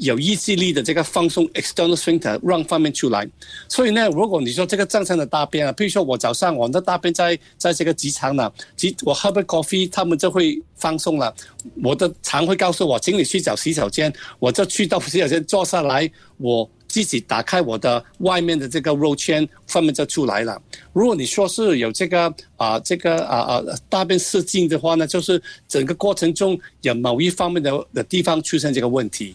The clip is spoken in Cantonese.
有意志力的這個放鬆 external strength run 方面出來，所以呢，如果你說這個正常的大便啊，比如說我早上我的大便在在這個直腸呢，直我喝杯咖啡，他們就會放鬆了。我的常會告訴我，請你去找洗手間，我就去到洗手間坐下來，我自己打開我的外面的這個 roll chain 方面就出來了。如果你說是有這個啊、呃、這個、呃、啊啊大便失禁的話呢，就是整個過程中有某一方面的的地方出現這個問題。